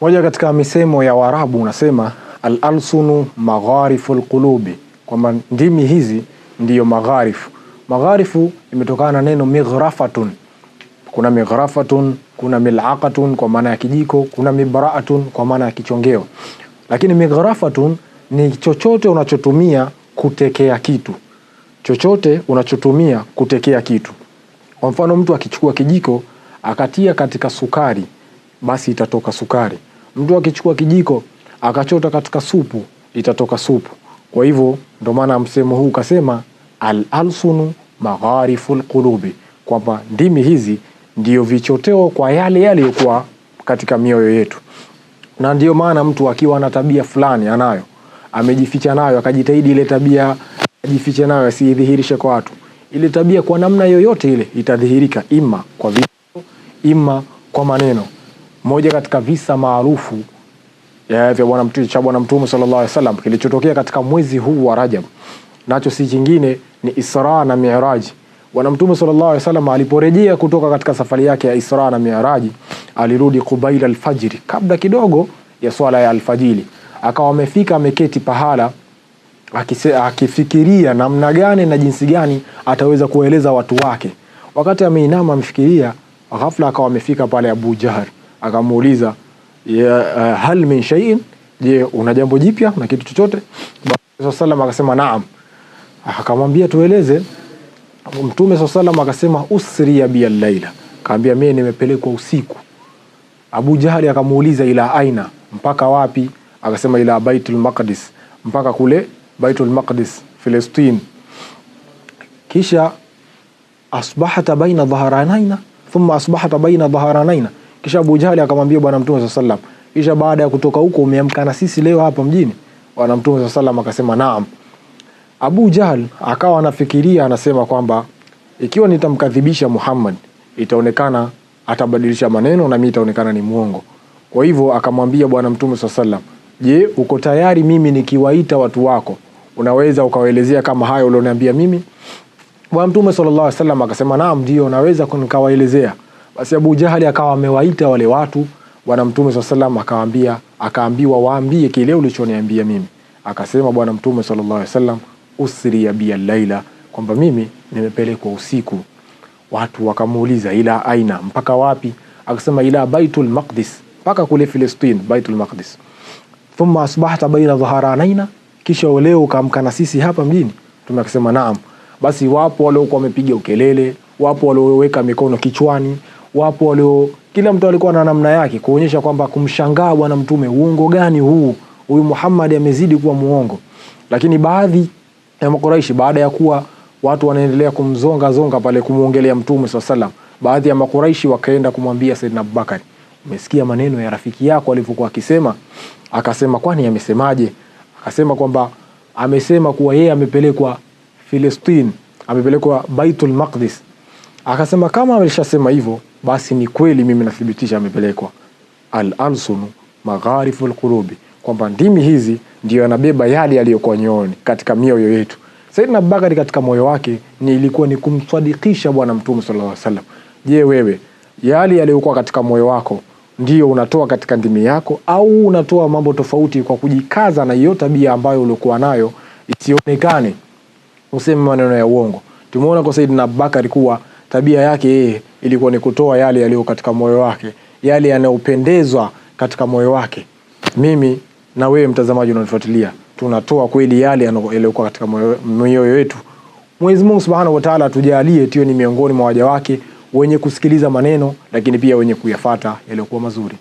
Moja katika misemo ya Waarabu unasema al-alsunu magharifu lqulubi, kwamba ndimi hizi ndiyo magharifu. Magharifu imetokana na neno mighrafatun. Kuna mighrafatun, kuna milaqatun kwa maana ya kijiko, kuna mibraatun kwa maana ya kichongeo. Lakini mighrafatun ni chochote unachotumia kutekea kitu, chochote unachotumia kutekea kitu. Kwa mfano, mtu akichukua kijiko akatia katika sukari, basi itatoka sukari. Mtu akichukua kijiko akachota katika supu itatoka supu. Kwa hivyo ndo maana msemo huu ukasema al alsunu magharifu lqulubi, kwamba ndimi hizi ndiyo vichoteo kwa yale yaliyokuwa katika mioyo yetu. Na ndiyo maana mtu akiwa na tabia fulani anayo amejificha nayo, akajitahidi ile tabia ajifiche nayo, asiidhihirishe kwa watu, ile tabia kwa namna yoyote ile itadhihirika, ima kwa vitendo, ima kwa maneno moja katika visa maarufu eh, vya bwana mtume cha Bwana Mtume sallallahu alaihi wasallam kilichotokea katika mwezi huu wa Rajab, nacho si chingine ni Isra na Miraj. Bwana Mtume sallallahu alaihi wasallam aliporejea kutoka katika safari yake ya Isra na Miraj, alirudi kubaila alfajiri, kabla kidogo ya swala ya alfajiri, akawa amefika ameketi pahala akifikiria namna gani na jinsi gani ataweza kueleza watu wake. Wakati ameinama amefikiria, ghafla akawa amefika pale Abu Jahl akamuuliza eh, hal min shay'in, je una jambo jipya na kitu chochote? Salam akasema naam, akamwambia tueleze. Mtume salam akasema ya bi laila, kaambia mimi nimepelekwa usiku. Abu Jahali akamuuliza ila aina, mpaka wapi? Akasema ila Baitul Maqdis, mpaka kule Baitul Maqdis Filistin. Kisha asbahata baina dhaharanaina thumma asbahata baina dhaharanaina kisha Abu Jahali akamwambia bwana Mtume sallallahu alaihi wasallam, kisha baada ya kutoka huko umeamka na sisi leo hapa mjini? Bwana Mtume sallallahu alaihi wasallam akasema naam. Abu Jahal akawa anafikiria anasema kwamba ikiwa nitamkadhibisha Muhammad itaonekana atabadilisha maneno na mimi itaonekana ni mwongo. Kwa hivyo akamwambia bwana Mtume sallallahu alaihi wasallam, je, uko tayari mimi nikiwaita watu wako unaweza ukawaelezea kama hayo ulioniambia mimi? Bwana Mtume sallallahu alaihi wasallam akasema naam, ndio naweza nikawaelezea. Basi Abu Jahali akawa amewaita wale watu Bwana Mtume swalla sallam akawaambia, akaambiwa waambie kile ulichoniambia mimi. Akasema Bwana Mtume sallallahu alaihi wasallam, usri bi laila, kwamba mimi nimepelekwa usiku. Watu wakamuuliza ila aina, mpaka wapi? Akasema ila Baitul Maqdis, mpaka kule Filistin, Baitul Maqdis. Thumma asbahta baina dhaharanaina, kisha leo ukaamka na sisi hapa mjini. Mtume akasema naam. Basi wapo waliokuwa wamepiga ukelele, wapo walioweka mikono kichwani wapo walio, kila mtu alikuwa na namna yake kuonyesha kwamba kumshangaa bwana mtume, uongo gani huu? Huyu Muhammad amezidi kuwa muongo. Lakini baadhi ya Makuraishi baada ya kuwa watu wanaendelea kumzonga zonga pale kumuongelea mtume swalla salam, baadhi ya Makuraishi wakaenda kumwambia Saidina Abubakar, umesikia maneno ya rafiki yako alivyokuwa akisema? Akasema, kwani amesemaje? Akasema kwamba amesema kuwa yeye amepelekwa Filistini, amepelekwa Baitul Maqdis. Akasema kama ameshasema hivyo basi ni kweli mimi nathibitisha amepelekwa al-ansunu magharifu lqulubi kwamba ndimi hizi ndiyo yanabeba yale yaliyokuwa nyoyoni katika mioyo yetu. saidna Abubakari katika moyo wake ni ilikuwa ni kumswadikisha Bwana Mtume sala lla salam Je, wewe yale yaliyokuwa katika moyo wako ndiyo unatoa katika ndimi yako, au unatoa mambo tofauti kwa kujikaza na hiyo tabia ambayo uliokuwa nayo isionekane, useme maneno ya uongo? Tumeona kwa saidna Abubakari kuwa tabia yake yeye ilikuwa ni kutoa yale yaliyo katika moyo wake, yale yanayopendezwa katika moyo wake. Mimi na wewe mtazamaji unanifuatilia, tunatoa kweli yale yaliyokuwa katika mioyo yetu. Mwenyezi Mungu Subhanahu wa Ta'ala atujalie tuwe ni miongoni mwa waja wake wenye kusikiliza maneno, lakini pia wenye kuyafata yaliyokuwa mazuri.